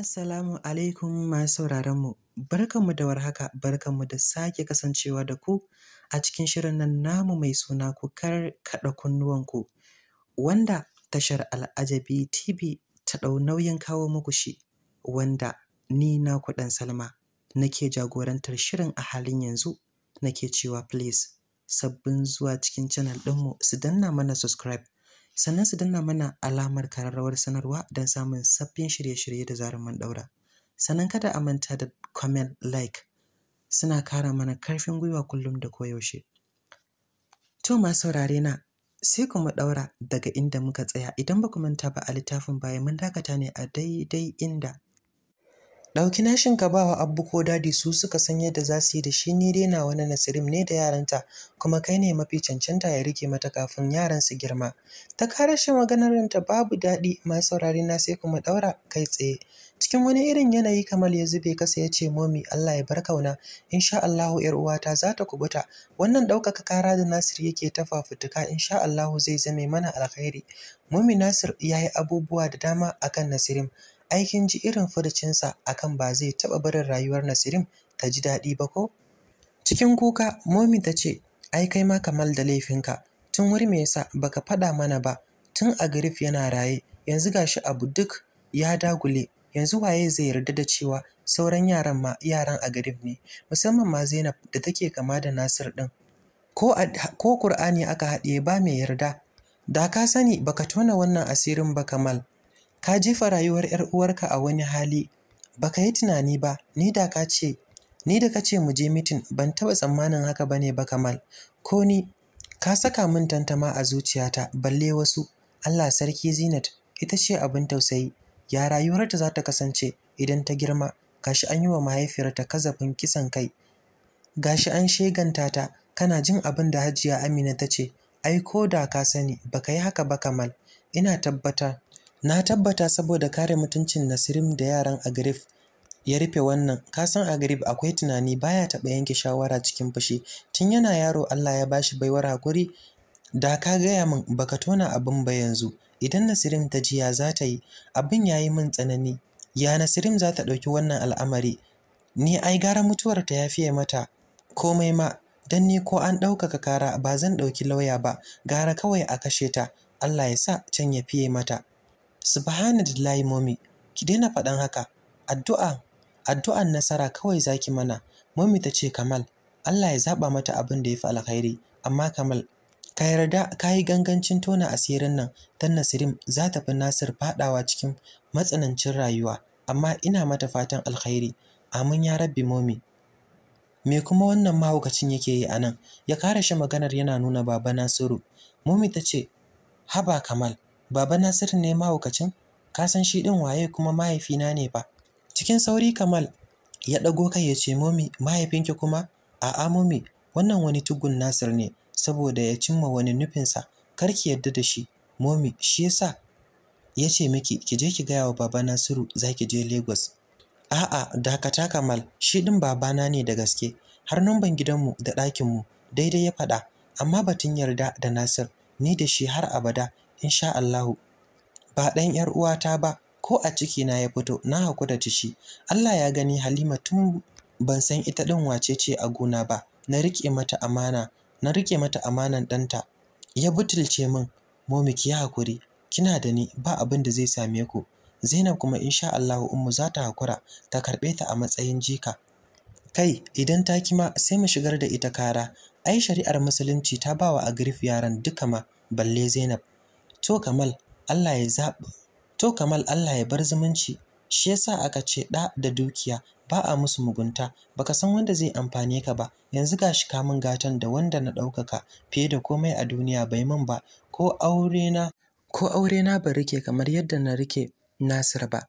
Assalamu alaikum masu mu Barkanmu da warhaka, barkanmu da sake kasancewa da ku a cikin shirin nan namu mai suna kukar kar kaɗa kunnuwanku, wanda tashar Al'ajabi TV ta ɗau nauyin kawo muku shi, wanda ni na kuɗan Salma nake jagorantar shirin a halin yanzu nake cewa please sabbin zuwa cikin channel ɗinmu su danna mana subscribe sannan su danna mana alamar kararrawar sanarwa don samun sabbin shirye-shirye da zarar mun ɗaura. Sannan kada a manta da comment like suna kara mana karfin gwiwa kullum da koyaushe. To masu saurare na sai ku mu ɗaura daga inda muka tsaya idan ba ku manta ba a littafin baya mun dakata ne a daidai inda ɗauki nashin ka bawa abu ko dadi su suka san yadda za su yi da shi ni dai na wani nasirim ne da yaranta kuma kai ne mafi cancanta ya rike mata kafin yaran su girma ta kare shi maganar ta babu daɗi ma saurari na sai kuma ɗaura kai tsaye cikin wani irin yanayi kamar ya zube kasa ya ce momi Allah ya bar kauna insha Allahu yar uwata za ta kubuta wannan ɗaukaka kara da Nasir yake ta fafutuka insha Allahu zai zame mana alkhairi momi Nasir ya yi abubuwa da dama akan Nasirim ai kin ji irin a akan ba zai taɓa barin rayuwar Nasirim ta ji daɗi ba ko? Cikin kuka Momi ta ce, ai kai ma kamal da laifinka, tun wuri me yasa baka faɗa mana ba, tun a garif yana raye, yanzu gashi abu duk ya dagule, yanzu waye zai yarda da cewa sauran yaran ma yaran a garif ne, musamman ma Zainab da take kama da Nasir ɗin. Ko, ko Kur'ani aka haɗiye ba mai yarda, da ka sani baka tona wannan asirin ba kamal, ka jefa rayuwar 'yar uwarka a wani hali baka yi tunani ba ni da ka ce ni da kace mu je mitin ban taba tsammanin haka bane ba Kamal ko ni ka saka min tantama a zuciyata balle wasu Allah sarki Zinat ita ce abin tausayi ya rayuwarta za ta kasance idan ta girma gashi an yi wa mahaifiyarta kazafin kisan kai gashi an sheganta ta kana jin abin da Hajiya Amina ta ce ai ko da ka sani baka yi haka ba Kamal ina tabbata Na tabbata saboda kare mutuncin Nasirim da yaran Agrif ya rufe wannan. ka san Agrif akwai tunani baya taɓa yanke shawara cikin fushi. Tun yana yaro Allah ya bashi baiwar hakuri. Da ka gaya min baka tona abin ba yanzu. Idan Nasirim ta ji ya za ta yi, abin ya yi min tsanani. Ya Nasirim za ta ɗauki wannan al'amari. Ni ai gara mutuwar ta ya fiye mata. Komai ma, don ni ko an ɗaukaka kara ba zan ɗauki lauya ba, gara kawai a kashe ta. Allah ya sa can ya fiye mata. subhanallahi momi ki daina faɗan haka addu'a addu'an nasara kawai zaki mana momi ta ce kamal Allah ya zaba mata abin da ya fi alkhairi amma kamal ka yarda ka yi gangancin tona asirin nan dan nasirim za ta fi nasir faɗawa cikin matsanancin rayuwa amma ina mata fatan alkhairi amin ya rabbi momi me kuma wannan mahaukacin yake yi anan ya kara shi maganar yana nuna baba nasiru momi ta ce haba kamal Baba Nasiru ne mahaukacin? Ka san shi ɗin waye kuma mahaifina ne ba. Cikin sauri Kamal ya ɗago kai ya ce momi mahaifinki kuma? A'a momi wannan wani tugun Nasir ne saboda ya cimma wani nufinsa kar ki yarda da shi momi shi yasa ya ce miki ki je ki gaya wa baba Nasiru za ki je Lagos. A'a dakata Kamal shi ɗin babana ne da gaske har numban gidanmu da ɗakinmu daidai ya faɗa amma batun yarda da Nasir ni da shi har abada insha Allahu ba ɗan ‘yar uwata ba ko a ciki na ya fito na hakura da shi Allah ya gani Halima tun ban san ita ɗin wace ce a gona ba na riƙe mata amana na riƙe mata amanan ɗanta ya butulce min momi ki hakuri kina da ni ba abin da zai same ku Zainab kuma insha Allahu ummu za ta hakura ta karɓe ta a matsayin jika kai idan ta kima sai mu shigar da ita kara ai shari'ar musulunci ta bawa agrif yaran duka ma balle Zainab to kamal Allah ya zaɓi to kamal Allah ya bar zumunci shi yasa aka ce ɗa da dukiya ba a musu mugunta baka san wanda zai amfane ka ba yanzu ga ka min gatan da wanda na ɗaukaka fiye da komai a duniya bai min ba ko aure na ko aure na ba rike kamar yadda na rike Nasir ba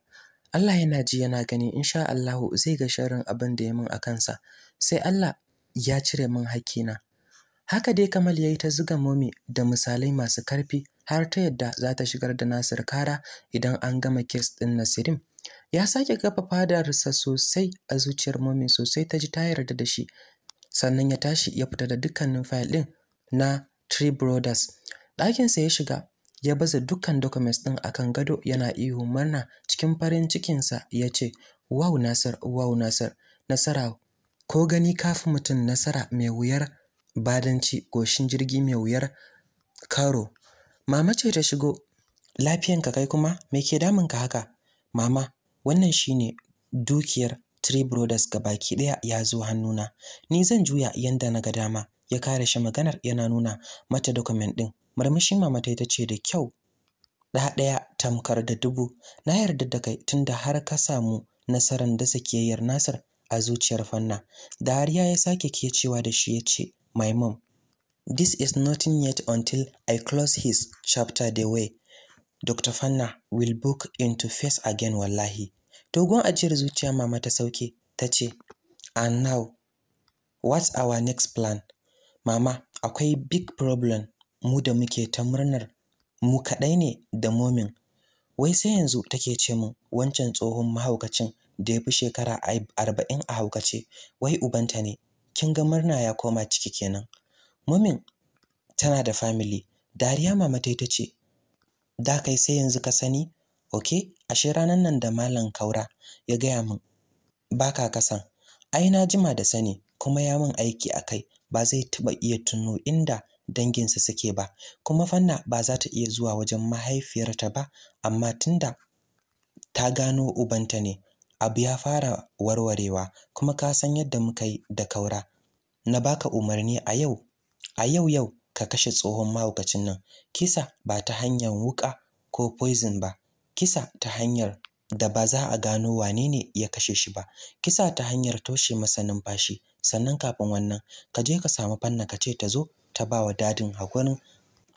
Allah yana ji yana gani insha Allahu zai ga sharrin abin da ya min a kansa sai Allah ya cire min hakkina haka dai Kamal yayi ta zuga momi da misalai masu karfi har ta yadda za ta shigar da Nasir kara idan an gama kes ɗin Nasirin. Ya sake gaba fadarsa sosai a zuciyar momi sosai ta ji ta yarda da shi. Sannan ya tashi ya fita da dukkanin fayil ɗin na Three Brothers. Ɗakinsa ya shiga ya baza dukkan documents ɗin akan gado yana ihu murna cikin farin cikinsa ya ce, Wow Nasir, wow Nasir, nasara ko gani kafin mutum nasara mai wuyar badanci goshin jirgi mai wuyar karo Mama ce ta shigo. Lafiyanka kai kuma me ke damun ka haka? Mama, wannan shine dukiyar Three Brothers ga baki ɗaya ya zo hannuna. Ni zan juya yanda na ga dama. Ya kare shi maganar yana nuna mata document ɗin. Murmushin mama ta ce da kyau. Da ɗaya tamkar da dubu. Na yarda da kai tunda har ka samu nasarar dasa kiyayyar Nasir a zuciyar Fanna. Dariya ya sake ke cewa da shi ya ce, My This is nothing yet until I close his chapter the way Dr. Fanna will book into face again wallahi. Dogon ajiyar zuciya mama ta sauke ta ce, And now, what's our next plan? Mama, akwai big problem mu da muke ta murnar mu kaɗai ne da momin. Wai sai yanzu take ce mu wancan tsohon mahaukacin da ya fi shekara arba'in a haukace, wai ubanta ne, kin ga murna ya koma ciki kenan. mumin tana da family dariya mama ta ita ce da kai sai yanzu ka sani ok ashe ranan nan da malam kaura ya gaya min baka kasan ai na jima da sani kuma ya min aiki a kai ba zai taba iya tuno inda danginsa suke ba kuma fanna ba za ta iya zuwa wajen mahaifiyarta ba amma tunda ta gano ubanta ne abu ya fara warwarewa kuma ka san yadda muka yi da kaura na baka umarni a yau a yau yau ka kashe tsohon mahaukacin nan kisa ba ta hanyar wuƙa ko poison ba kisa ta hanyar da ba za a gano wane ne ya kashe shi ba kisa ta hanyar toshe masa numfashi sannan kafin wannan ka je ka samu fanna ka ce ta zo ta ba wa dadin hakurin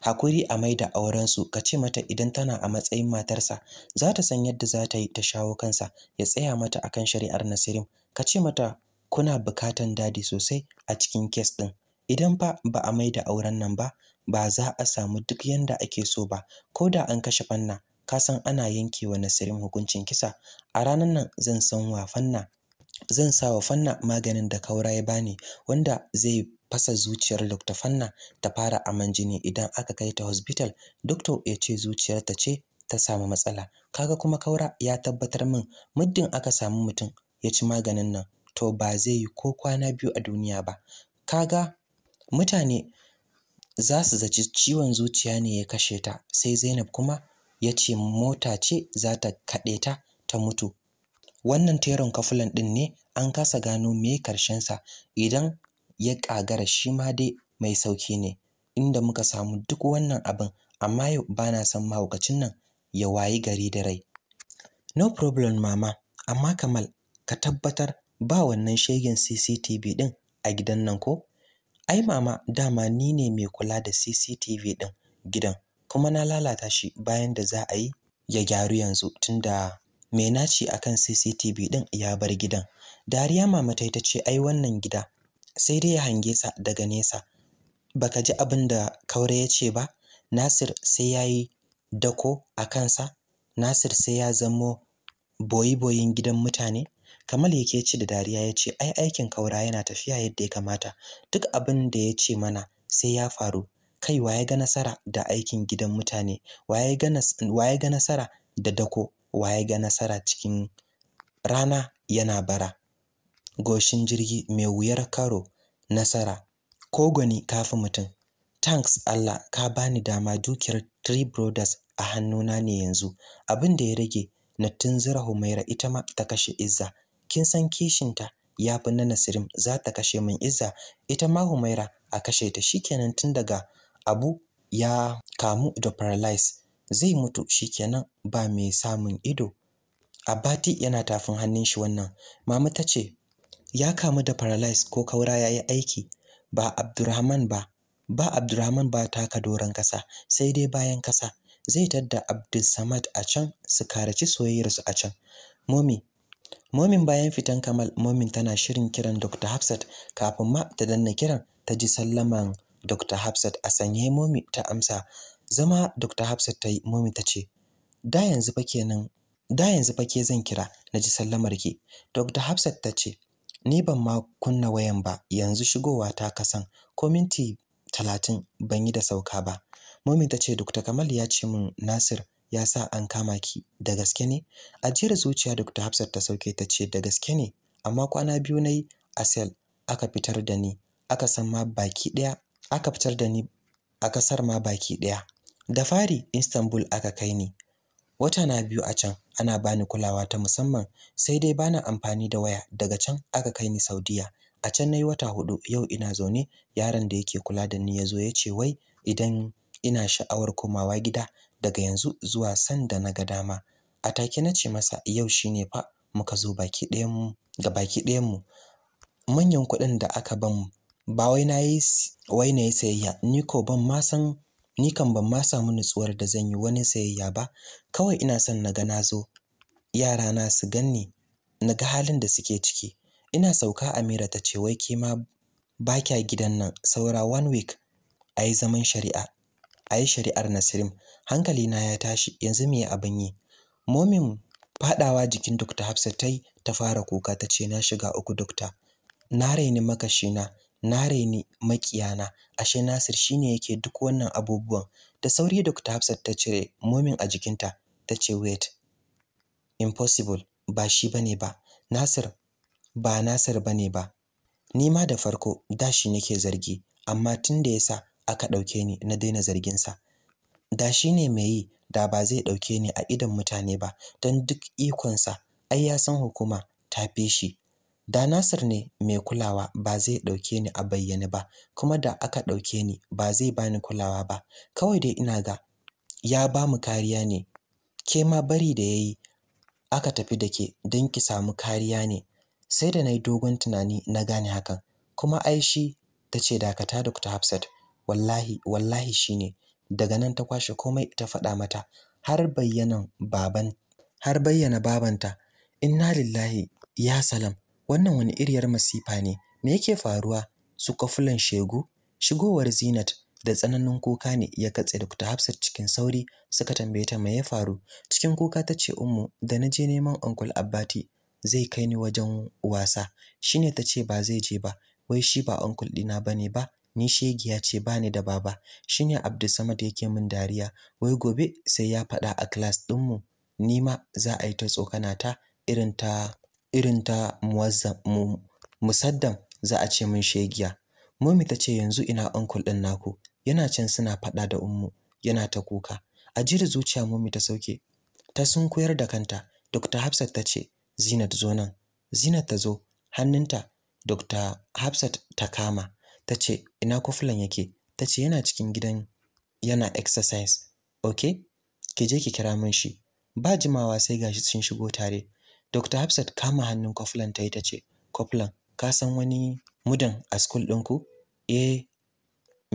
hakuri a maida aurensu ka ce mata idan tana a matsayin matarsa za ta san yadda za ta yi ta shawo kansa ya tsaya mata akan shari'ar nasirim ka ce mata kuna bukatan dadi sosai a cikin kes ɗin idan fa ba a maida auren nan ba ba za a samu duk yanda ake so ba ko da an kashe fanna ka san ana yanke wa nasirin hukuncin kisa a ranar nan zan san wa fanna zan sa wa fanna maganin da kaura ya bani wanda zai fasa zuciyar Dr. Fanna ta fara aman jini idan aka kai ta hospital doctor ya ce zuciyar ta ce ta samu matsala kaga kuma kaura ya tabbatar min muddin aka samu mutum ya ci maganin nan to ba zai yi ko kwana biyu a duniya ba ka kaga mutane za su zaci ciwon zuciya ne ya kashe ta sai zainab kuma ya ce mota ce za ta kaɗe ta ta mutu wannan teron kafulan ɗin ne an kasa gano me karshensa idan ya ƙagara shi ma dai mai sauki ne inda muka samu duk wannan abin amma yau ba na son mahaukacin nan ya wayi gari da rai no problem mama amma kamal ka tabbatar ba wannan shegen cctv ɗin a gidan nan ko ai mama dama ni ne mai kula da CCTV ɗin gidan kuma na lalata shi bayan da za a yi ya gyaru yanzu tunda mai naci akan CCTV ɗin ya bar gidan dariya mama ta ce ai wannan gida sai dai ya hange sa daga nesa baka ji abin da kaure ya ce ba Nasir sai ya yi dako a kansa Nasir sai ya zamo boyi-boyin gidan mutane Kamal yake ci da dariya ya ce ai aikin kaura yana tafiya yadda ya kamata. Duk abin da ya ce mana sai ya faru. Kai waye ga nasara da aikin gidan mutane, waye ga ga nasara da dako, waye ga nasara cikin rana yana bara. Goshin jirgi mai wuyar karo nasara. Kogoni kafi mutum. Tanks Allah ka bani dama dukiyar Three Brothers a hannuna ne yanzu. Abin da ya rage na tunzura Humaira ita ma ta kashe Izza kin san kishinta ya fi na Nasirim za ta kashe min Izza ita ma Humaira a kashe ta shikenan tun daga Abu ya kamu da paralyze zai mutu shikenan ba mai samun ido Abati yana tafin hannun shi wannan mama ta ce ya kamu da paralyze ko kaura ya yi aiki ba Abdurrahman ba ba Abdurrahman ba taka doron kasa sai dai bayan kasa zai tadda Abdul Samad a can su karaci soyayyarsu a can momi momin bayan fitan kamal momin tana shirin kiran dr hafsat kafin ma ta danna kiran ta ji sallaman dr hafsat a sanye momi ta amsa zama dr hafsat ta yi momi ta ce da yanzu fa ke zan kira na ji sallamar ki dr hafsat ta ce ni ban ma kunna wayan ba yanzu shigowa ta kasan ko minti talatin ban yi da sauka ba momin ta ce dr kamal ya ce min nasir ya sa an kama ki da gaske ne ajiyar zuciya dr hafsat ta sauke ta ce da gaske ne amma kwana biyu na yi a sel aka fitar da ni aka san ma baki ɗaya aka fitar da ni a kasar ma baki ɗaya da fari istanbul aka kai ni wata na biyu a can ana bani kulawa ta musamman sai dai bana amfani da waya daga can aka kai ni saudiya a can na yi wata hudu yau ina zaune yaron da yake kula da ni ya zo ya ce wai idan ina sha'awar komawa gida daga yanzu zuwa sanda na ga dama a take na ce masa yau shine fa muka zo baki ɗayan ga baki ɗayan mu manyan kuɗin da aka ban mu ba wai na yi sayayya ni ko ban ma san ni kan ban ma samu nutsuwar da zan yi wani sayayya ba kawai ina son na ga na zo yara na su ganni na ga halin da suke ciki ina sauka Amira ta ce wai ke ma ba kya gidan nan saura one week a yi zaman shari'a a yi shari'ar Nasirim hankalina ya tashi yanzu me abin yi momin faɗawa jikin Dr. Hafsat ta yi ta fara kuka ta ce na shiga uku Dokta na raini makashina na raini makiyana ashe Nasir shine yake duk wannan abubuwan da sauri Dr. Hafsat ta cire momin a jikinta ta ce wait impossible ba shi ba ne ba Nasir ba Nasir ne ba ni ma da farko da shi nake zargi amma tun da ya sa. aka ɗauke ni na daina zarginsa da shi ne mai yi da ba zai ɗauke ni a idon mutane ba don duk ikonsa ai ya san hukuma ta fi shi da Nasir ne mai kulawa ba zai ɗauke ni a bayyane ba kuma da aka ɗauke ni ba zai bani kulawa ba kawai dai ina ga ya ba mu kariya ne ke ma bari da ya yi aka tafi da ke don ki samu kariya ne sai da na yi dogon tunani na gane hakan kuma Aishi shi ta ce dakata da kuta Hafsat wallahi wallahi shine daga nan ta kwashe komai ta faɗa mata har bayyana baban har bayyana babanta inna lillahi ya salam wannan wani iriyar masifa ne me yake faruwa su kafulan shegu shigowar zinat da tsananin kuka ne ya katse Dr. Hafsat cikin sauri suka tambaye ta me ya faru cikin kuka ta ce ummu da na je neman Uncle Abbati zai kai ni wajen wasa shine ta ce ba zai je ba wai shi ba uncle dina bane ba ni shegiya ce bani da baba shine Abdulsamad yake min dariya wai gobe sai ya faɗa a class ɗin mu ni ma za a yi ta tsokana ta irin ta irin ta muwazzam musaddam za a ce min shegiya Mummy ta ce yanzu ina uncle ɗin naku yana can suna faɗa da ummu yana ta kuka a jira zuciya Mummy ta sauke ta sun koyar da kanta Dr. Hafsat ta ce Zinat zo nan Zinat ta zo hannunta Dr. Hafsat ta kama ta ce ina kofulan yake ta ce yana cikin gidan yana exercise Ok, ki je ki kira min shi ba jimawa sai gashi sun shigo tare dr hafsat kama hannun kofulan ta yi ta ce kofulan ka san wani mudan a school ɗinku eh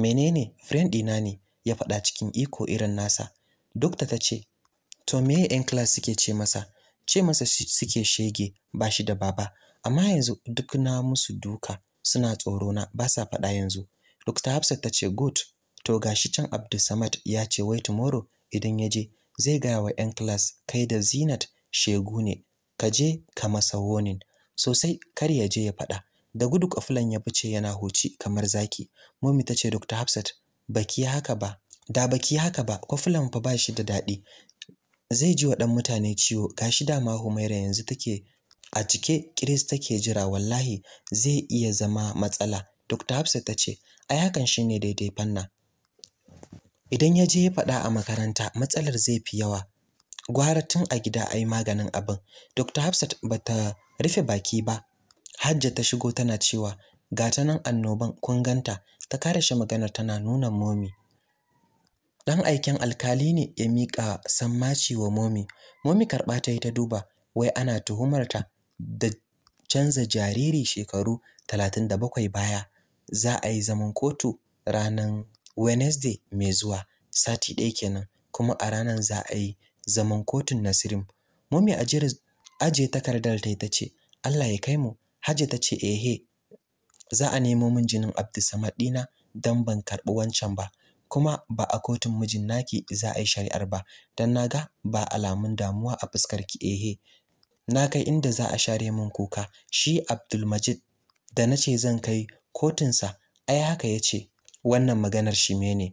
menene friend ɗina ne ya faɗa cikin iko irin nasa dokta ta ce to me yan class suke ce masa ce masa suke shege ba shi da baba amma yanzu duk na musu duka suna tsoro na ba sa faɗa yanzu Dr. Hafsat ta ce good to gashi can Abdulsamad ya ce wai tomorrow idan ya je zai gaya wa 'yan class kai da Zinat shegu ne ka je ka masa warning sosai kar ya je ya faɗa da gudu kafulan ya fice yana huci kamar zaki mummy ta ce Dr. Hafsat baki haka ba da baki haka ba kwafulan fa ba shi da daɗi zai ji wa ɗan mutane ciwo gashi dama Humaira yanzu take a cike kiris take jira wallahi zai iya zama matsala dr hafsat ta ce ai hakan shine daidai fanna idan ya je ya faɗa a makaranta matsalar zai fi yawa gwara tun a gida ai maganin abin dr hafsat bata rufe baki ba hajja ta shigo tana cewa ga ta nan annoban kun ganta ta kare shi maganar tana nuna momi dan aikin alkali ne ya miƙa sammaci wa momi momi karɓa ta yi ta duba wai ana tuhumarta da canza jariri shekaru talatin da bakwai baya za a yi zaman kotu ranar Wednesday mai zuwa sati ɗaya kenan kuma a ranar za a yi zaman kotun Nasirim. Mummy ajiye takardar ta ce Allah ya kai mu Hajji ta ce ehe za a nemo min jinin Abdulsamad dina don ban karɓi wancan ba kuma ba a kotun mijin naki za a yi shari'ar ba don na ga ba alamun damuwa a fuskarki ehe na kai inda za a share min kuka shi Abdulmajid da na ce zan kai kotunsa ai haka ya ce wannan maganar shi mene?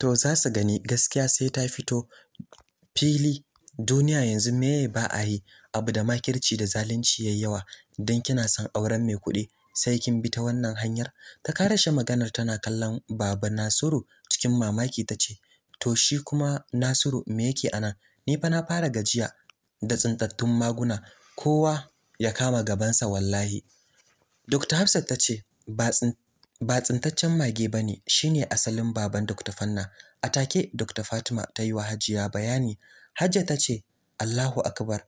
to za su gani gaskiya sai ta fito fili duniya yanzu meye ba a yi abu da makirci da zalunci yayi yawa don kina son auren mai kuɗi sai kin bi ta wannan hanyar ta karashe maganar tana kallon baba Nasiru cikin mamaki ta ce to shi kuma Nasiru me yake anan ni fa na fara gajiya da tsintattun maguna kowa ya kama gabansa wallahi Dr. Hafsat ta ce ba tsintaccen mage ba ne shi ne asalin baban Dr. Fanna. A take Dr. Fatima ta yi wa Hajiya bayani. hajja ta ce Allahu Akbar,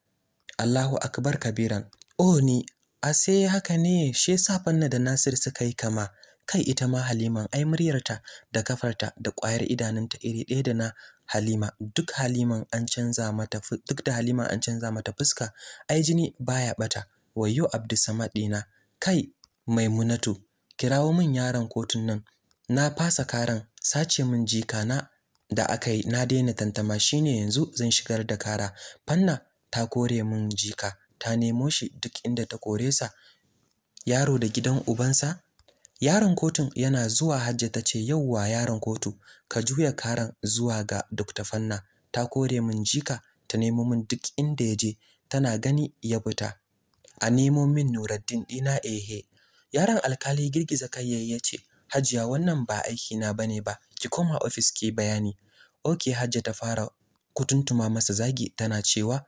Allahu Akbar kabiran. Oh ni, a sai haka ne shi yasa Fanna da Nasir suka yi kama. Kai ita ma Haliman ai muryarta da kafarta da ƙwayar idanunta iri ɗaya da na Halima duk Haliman an canza mata duk da haliman an canza mata fuska ai jini baya ɓata. Wayo Abdulsamad dina kai Maimunatu kirawo min yaron kotun nan na fasa karan sace min jika na da aka yi na daina tantama shine yanzu zan shigar da kara fanna ta kore min jika ta nemo shi duk inda ta kore sa yaro da gidan ubansa Yaron kotun yana zuwa Hajja ta ce yauwa yaron kotu ka juya karan zuwa ga Dr. Fanna ta kore min jika ta nemo min duk inda ya je tana gani ya fita. A nemo min Nuruddin ɗina ehe. Yaron alkali girgiza kai yayi ya ce Hajiya wannan ba na bane ba ki koma ofis ki bayani. Oke Hajja ta fara kutuntuma masa zagi tana cewa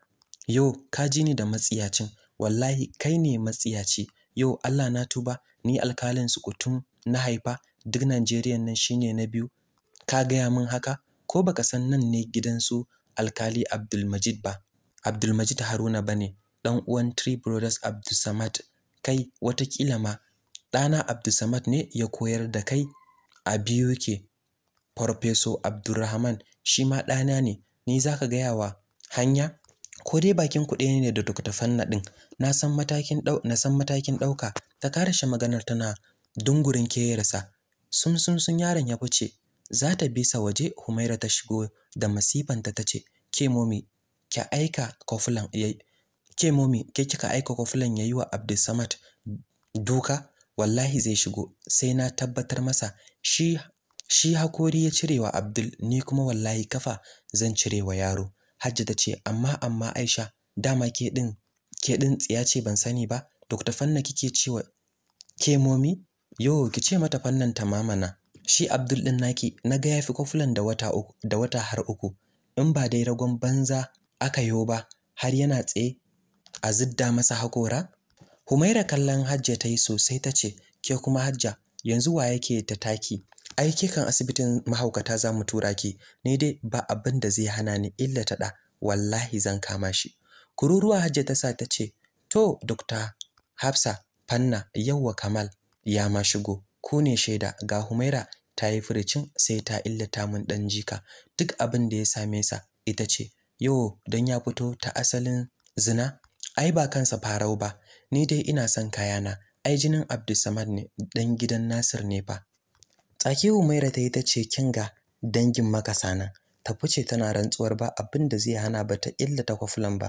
yo ka ji ni da matsiyacin wallahi kai ne matsiyaci yo Allah na tuba ni alkalin sukutun na haifa duk Najeriyan nan shine na biyu ka gaya min haka ko baka san nan ne gidan su alkali Abdulmajid ba Abdulmajid Haruna bane dan uwan Three Brothers Abdulsamad kai watakila ma ɗana Abdulsamad ne ya koyar da kai a biyu ke Farfeso Abdulrahman shi ma ɗana ne ni zaka gaya wa hanya ko dai bakin ku ne da Dr. Fanna ɗin na san matakin ɗau na san matakin ɗauka ta karashe maganar tana dungurin kerarsa sun sun sun yaron ya fice za ta bi sa waje Humaira ta shigo da masifanta ta ce ke momi ki aika kofulan ke momi ke kika aika kofulan yayi wa Abdulsamad duka wallahi zai shigo sai na tabbatar masa shi shi hakori ya cirewa Abdul ni kuma wallahi kafa zan cire wa yaro Hajji ta ce amma amma Aisha dama ke ɗin ke din tsiya ce ban sani ba Dr. Fanna kike cewa kemomi yo ki ce mata fannan mamana shi Abdul din naki na naga yafi kofulan da wata uku da wata har uku in ba dai ragon banza aka yo ba har yana tsaye a zidda masa hakora Humaira kallon Hajja ta yi sosai ta ce ke kuma Hajja yanzu wa yake ta taki ai kikan asibitin mahaukata za mu tura ki ni dai ba abin da zai hana ni illa ta da wallahi zan kama shi kururuwa hajja ta sa ta ce to dokta hafsa fanna yawwa kamal ya ma shigo ku ne shaida ga humaira ta yi furicin sai ta illata mun dan jika duk abin da ya same sa ita ce Yau, don ya fito ta asalin zina ai ba kansa farau ba ni dai ina son kayana ai jinin Abdulsamad ne dan gidan Nasir ne fa Tsaki Humaira ta yi ta ce kin dangin makasa nan. Ta fice tana rantsuwar ba abin da zai hana ba ta illata kwafulan ba.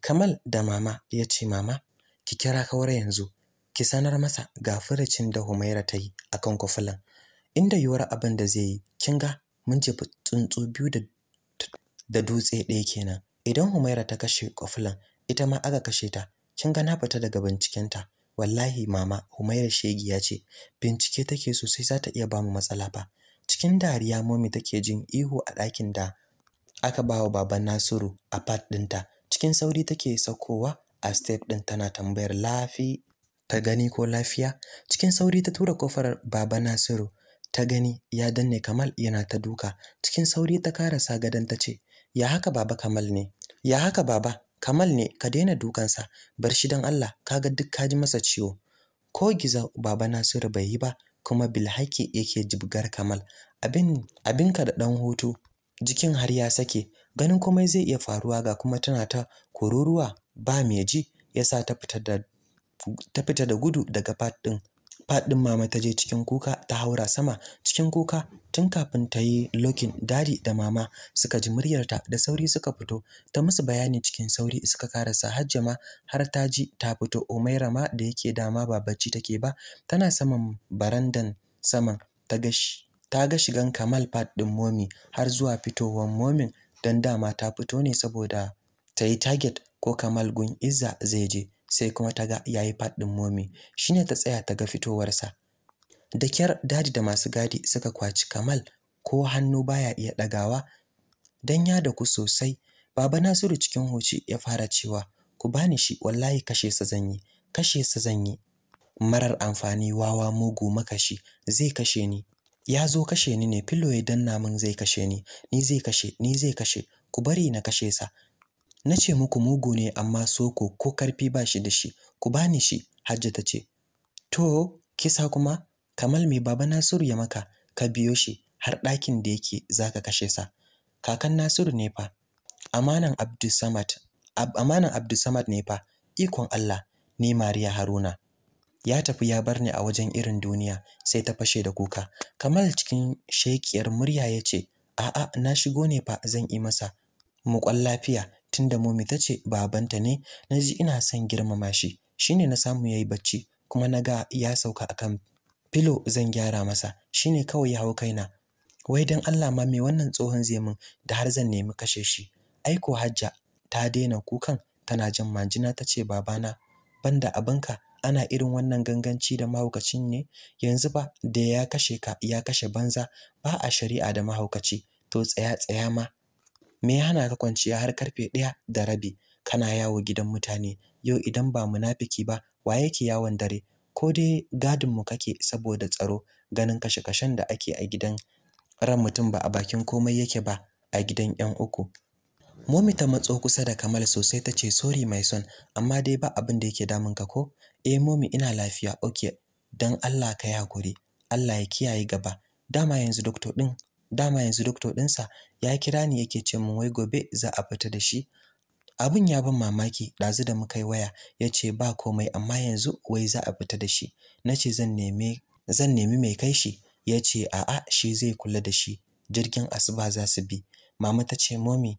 Kamal da mama ya ce mama ki kira kawar yanzu ki sanar masa ga furicin da Humaira ta yi a kan kwafulan. Inda yiwuwar abin da zai yi kin ga mun jefi tsuntsu biyu da da dutse ɗaya kenan. Idan Humaira ta kashe kwafulan ita ma aka kashe ta kin ga na fita daga bincikenta. wallahi mama Humaira shegiya ce bincike take sosai za ta iya bamu matsala ba cikin dariya momi take jin ihu a ɗakin da aka ba wa baban Nasiru a part ɗinta cikin sauri take saukowa a step ɗin tana tambayar lafi ta gani ko lafiya cikin sauri ta tura kofar baba Nasiru ta gani ya danne Kamal yana ta duka cikin sauri ta karasa gadon ta ce ya haka baba Kamal ne ya haka baba Kamal ne ka daina dukansa bar shi don Allah kaga duk ka ji masa ciwo ko giza baba Nasiru bai yi ba kuma bilhaki yake jibgar Kamal abin abinka da ɗan hutu jikin har ya sake ganin komai zai iya faruwa ga kuma tana ta kururuwa ba mai ji yasa ta fita da ta fita da gudu daga fat ɗin. faɗin mama ta je cikin kuka ta haura sama cikin kuka tun kafin ta yi lokin dadi da mama suka ji muryarta da sauri suka fito ta musu bayani cikin sauri suka karasa hajjama har ta ji ta fito umaira ma da yake dama ba bacci take ba tana saman barandan saman ta ga ta ga shigan kamal fat ɗin momi har zuwa fitowar momin don dama ta fito ne saboda ta yi target ko kamal gun izza zai je sai kuma ta ga yayi faɗin momi shine ta tsaya ta ga fitowarsa da kyar dadi da masu gadi suka kwaci kamal ko hannu baya iya ɗagawa dan ya da ku sosai baba nasiru cikin hoci ya fara cewa ku bani shi wallahi kashe sa zanyi kashe sa zanyi marar amfani wawa mugu makashi zai kashe ni ya zo kashe ni ne filo ya danna min zai kashe ni ni zai kashe ni zai kashe ku bari na kashe sa Na ce muku mugu ne amma soko ko karfi ba shi da shi, ku bani shi, Hajja ta ce. To, kisa kuma, Kamal mai baba Nasiru ya maka, ka biyo shi har ɗakin da yake za ka kashe sa. Kakan Nasiru ne fa, amanan Abdulsamad, ab, ne fa, ikon Allah, ni Mariya Haruna. Ya tafi ya bar ni a wajen irin duniya sai ta fashe da kuka. Kamal cikin shekiyar murya ya ce, A'a, na shigo ne fa zan yi masa muƙwan lafiya tunda momi ta ce babanta ne na ji ina son girmama shi Shi ne na samu yayi bacci kuma na ga ya sauka a kan filo zan gyara masa Shi ne kawai ya hau kaina wai dan Allah ma me wannan tsohon zai min da har zan nemi kashe shi aiko hajja ta daina kukan tana jin majina ta ce babana banda abinka ana irin wannan ganganci da mahaukacin ne yanzu ba da ya kashe ka ya kashe banza ba a shari'a da mahaukaci to tsaya tsaya ma me ya hana ka kwanciya har karfe ɗaya da rabi kana yawo gidan mutane yau idan ba munafiki ba wa yake yawon dare ko dai gadin mu kake saboda tsaro ganin kashe-kashen da ake a gidan ran mutum ba a bakin komai yake ba a gidan yan uku Momi ta matso kusa da Kamal sosai ta ce sorry my son amma dai ba abin da yake damun ka ko eh Momi ina lafiya okay dan Allah ka yi hakuri Allah ya kiyaye gaba dama yanzu doctor din dama yanzu doctor dinsa ya kira ni yake ce min wai gobe za a fita da shi abin ya ban mamaki ɗazu da muka yi waya ya ce ba komai amma yanzu wai za a fita da shi na ce zan nemi mai kai shi ya ce a'a shi zai kula da shi jirgin asuba za su bi mama ta ce momi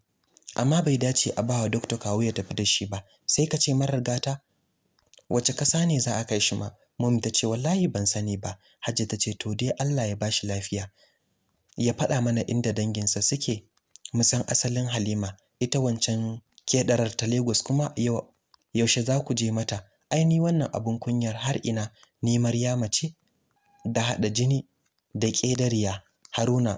amma bai dace a bawa dokta kawu ya tafi da shi ba sai ka ce marar gata wace kasa ne za a kai shi ma momi ta ce wallahi ban sani ba hajji ta ce to dai Allah ya ba shi lafiya ya faɗa mana inda danginsa suke mu san asalin Halima ita wancan kedarar ta Lagos kuma yaushe za ku je mata ai ni wannan abun kunyar har ina ni Maryama ce da haɗa jini da ƙedariya Haruna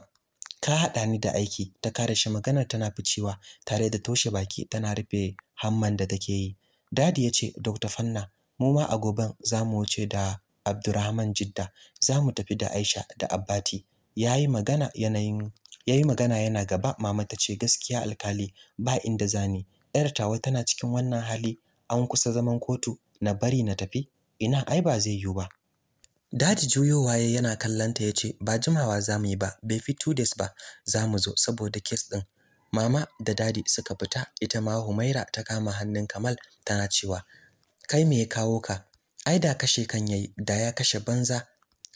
ka haɗa ni da aiki ta kare shi maganar tana ficewa tare da toshe baki tana rufe hamman da take yi dadi ya ce Dr. Fanna mu ma a goben za mu wuce da Abdurrahman Jidda za mu tafi da Aisha da Abbati yayi yi magana yanayin yayi magana yana gaba mama ta ce gaskiya alkali ba inda zani yar tawa tana cikin wannan hali an kusa zaman kotu na bari na tafi ina ai ba zai yiwu ba Daji juyowa ya yana kallon ya ce ba jimawa za mu yi ba bai fi two days ba za mu zo saboda kes ɗin mama da dadi suka fita ita ma humaira ta kama hannun kamal tana cewa kai me ya kawo ka ai da kashe kan yayi da ya kashe banza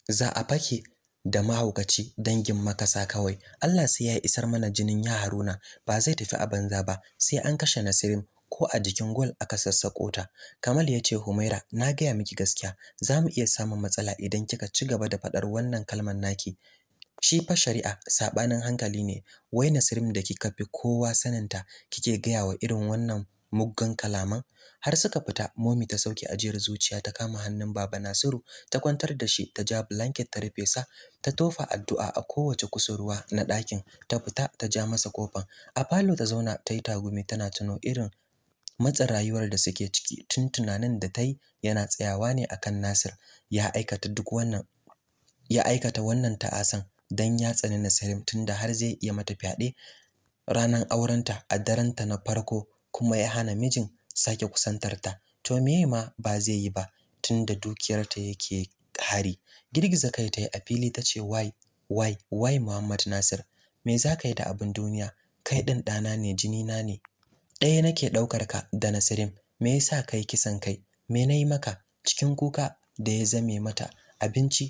za a fake da mahaukaci dangin makasa kawai Allah sai ya isar mana jinin ya Haruna ba zai tafi a banza ba sai an kashe nasirin ko a jikin gol aka sassako ta Kamal ya ce Humaira na gaya miki gaskiya za mu iya samun matsala idan kika ci gaba da faɗar wannan kalmar naki shi fa shari'a sabanin hankali ne wai nasirin da kika fi kowa saninta kike gaya wa irin wannan muggan kalaman har suka fita momi ta sauke ajiyar zuciya ta kama hannun baba Nasiru ta kwantar da shi ta ja blanket ta rufe sa ta tofa addu'a a kowace kusurwa na ɗakin ta fita ta ja masa kofan a falo ta zauna ta yi tagumi tana tuno irin matsa rayuwar da suke ciki tun tunanin da ta yi yana tsayawa ne a kan Nasir ya aikata wannan ta'asan don ya tsani tun tunda har zai iya mata fyaɗe ranar aurenta a daren ta na farko kuma ya hana mijin sake kusantar ta to me ma ba zai yi ba tunda dukiyarta yake hari girgiza kai ta yi a fili ta ce wai wai wai Muhammad Nasir me za ka yi da abin duniya kai ɗin ɗana ne jini na ne ɗaya nake ɗaukar ka da nasirin. me ya yasa kai kisan kai me na yi maka cikin kuka da ya zame mata abinci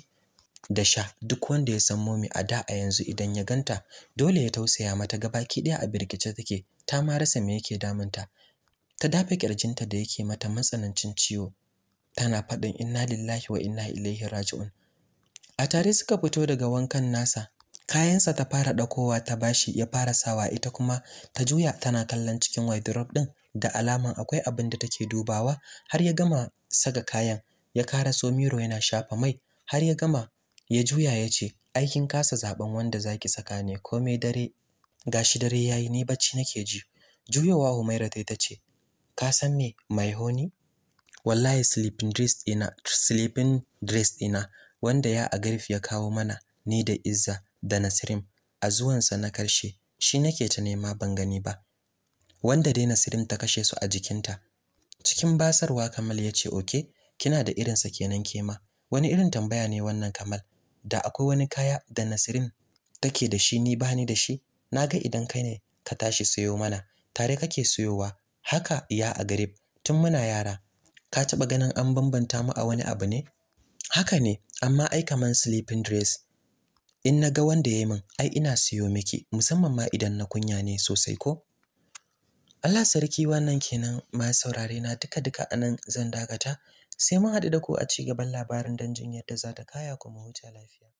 da sha duk wanda ya san momi a da a yanzu idan ya ganta dole ya tausaya mata gabaki ɗaya a birkice take ta ma rasa me yake damunta ta dafe kirjinta da yake mata matsanancin ciwo tana faɗin inna lillahi wa inna ilaihi raji'un a tare suka fito daga wankan nasa kayansa ta fara ɗakowa ta bashi ya fara sawa ita kuma ta juya tana kallon cikin wardrobe ɗin da alaman akwai abin da take dubawa har ya gama saka kayan ya kara so miro yana shafa mai har ya gama ya juya ya ce aikin kasa zaben wanda zaki saka ne komai dare gashi dare yayi ni bacci nake ji juyowa Humaira tai ta ce ka san me mai honi wallahi sleeping dress ina sleeping dress ina wanda ya a garfi ya kawo mana ni da Izza da Nasrim a zuwansa na karshe shi nake ta nema ban gani ba wanda dai Nasrim ta kashe su a jikinta cikin basarwa Kamal ya ce oke kina da irinsa kenan kema wani irin tambaya ne wannan Kamal da akwai wani kaya da Nasirin take da shi ni bani da shi na ga idan kai ne ka tashi sayo mana tare kake sayowa haka ya a garib tun muna yara ka taɓa ganin an bambanta mu a wani abu ne haka ne amma ai kaman sleeping dress in na ga wanda ya yayi min ai ina siyo miki musamman ma idan na kunya ne sosai ko Allah sarki wannan kenan ma saurare na duka duka anan zan dakata Sai mun haɗu da ku a ci gaban labarin don jin yadda za ta kaya kuma huta lafiya.